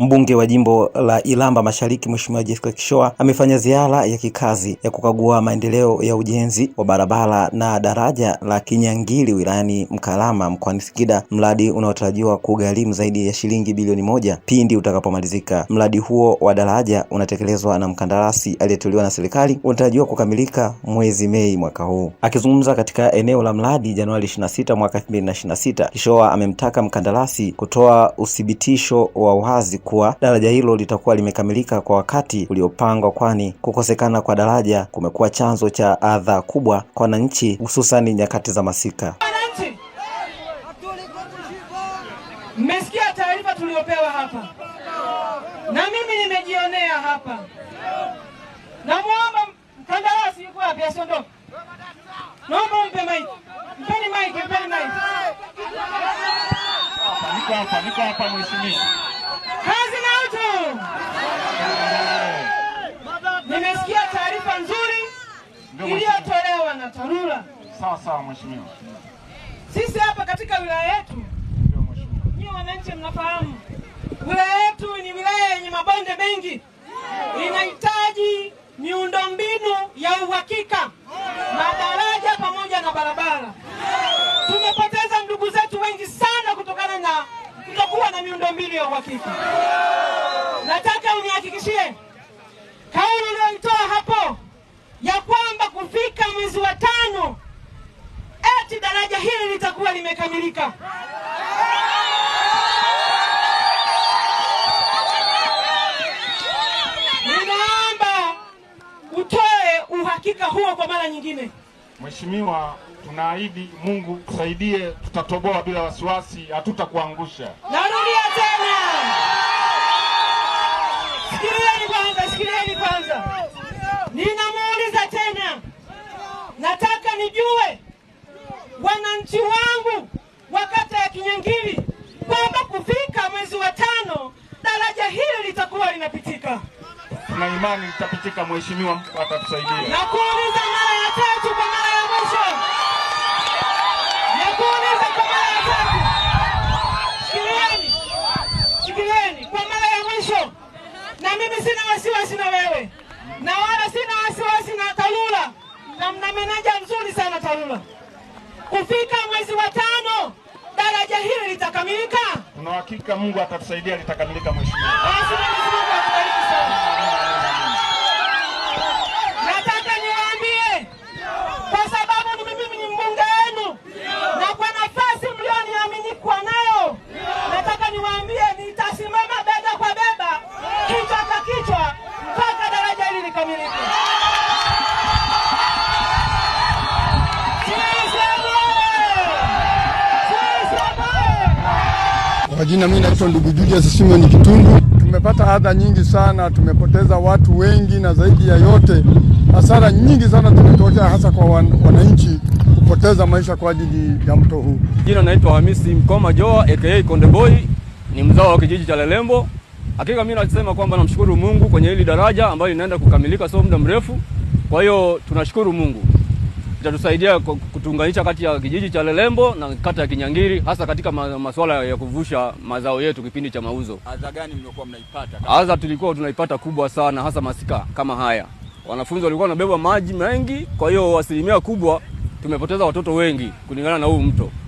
Mbunge wa jimbo la Iramba Mashariki, Mheshimiwa Jessica Kishoa amefanya ziara ya kikazi ya kukagua maendeleo ya ujenzi wa barabara na daraja la Kinyangili wilayani Mkalama mkoani Singida, mradi unaotarajiwa kugharimu zaidi ya shilingi bilioni moja pindi utakapomalizika. Mradi huo wa daraja unatekelezwa na mkandarasi aliyeteuliwa na serikali, unatarajiwa kukamilika mwezi Mei mwaka huu. Akizungumza katika eneo la mradi Januari 26 mwaka 2026, Kishoa amemtaka mkandarasi kutoa uthibitisho wa wazi kuwa daraja hilo litakuwa limekamilika kwa wakati uliopangwa, kwani kukosekana kwa daraja kumekuwa chanzo cha adha kubwa kwa wananchi, hususani nyakati za masika. mmesikia taarifa tuliopewa hapa na mimi nimejionea hapa. Namwomba mkandarasi yuko wapi? Asiondoke, naomba mpe maiki. Mpeni maiki, mpeni maiki. Niko hapa, niko hapa mheshimiwa kazi na utu. Nimesikia taarifa nzuri iliyotolewa na TARURA. Sawa sawa mheshimiwa. Sisi hapa katika wilaya yetu, nyinyi wananchi mnafahamu wilaya yetu ni wilaya yenye mabonde mengi, inahitaji miundombinu ya uhakika tutakuwa na miundombinu ya uhakika. Nataka unihakikishie kauli uliyoitoa hapo ya kwamba kufika mwezi wa tano eti daraja hili litakuwa limekamilika. Ninaomba utoe uhakika huo kwa mara nyingine. Mheshimiwa, tunaahidi Mungu tusaidie, tutatoboa bila wasiwasi, hatutakuangusha. Narudia tena, sikilieni kwanza, sikilieni kwanza, ninamuuliza tena, nataka nijue wananchi wangu wa kata ya Kinyangili kwamba kufika mwezi wa tano daraja hili litakuwa linapitika tuna imani litapitika, mheshimiwa mkuu atatusaidia. Na kuuliza mara ya tatu kwa mara ya mwisho. Na kuuliza kwa mara ya tatu. kwa mara ya mwisho. Na mimi sina wasiwasi na wewe. Na wala sina wasiwasi na Tarura. Na mna meneja mzuri sana Tarura. Kufika mwezi wa tano daraja hili litakamilika. Tuna hakika Mungu atatusaidia litakamilika, mheshimiwa. Basi sana. Kwa jina mimi naitwa ndugu Julius Simon Kitundu. Tumepata adha nyingi sana, tumepoteza watu wengi, na zaidi ya yote hasara nyingi sana zimetokea, hasa kwa wan, wananchi kupoteza maisha kwa ajili ya mto huu. Jina naitwa Hamisi Mkoma Joa aka Konde Boy, ni mzao wa kijiji cha Lelembo. Hakika mimi nasema kwamba namshukuru Mungu kwenye hili daraja ambalo linaenda kukamilika sio muda mrefu. Kwa hiyo tunashukuru Mungu, itatusaidia kutuunganisha kati ya kijiji cha Lelembo na kata ya Kinyangiri, hasa katika masuala ya kuvusha mazao yetu kipindi cha mauzo. Adha gani mlikuwa mnaipata? Adha tulikuwa tunaipata kubwa sana, hasa masika kama haya, wanafunzi walikuwa wanabeba maji mengi, kwa hiyo asilimia kubwa tumepoteza watoto wengi kulingana na huu mto.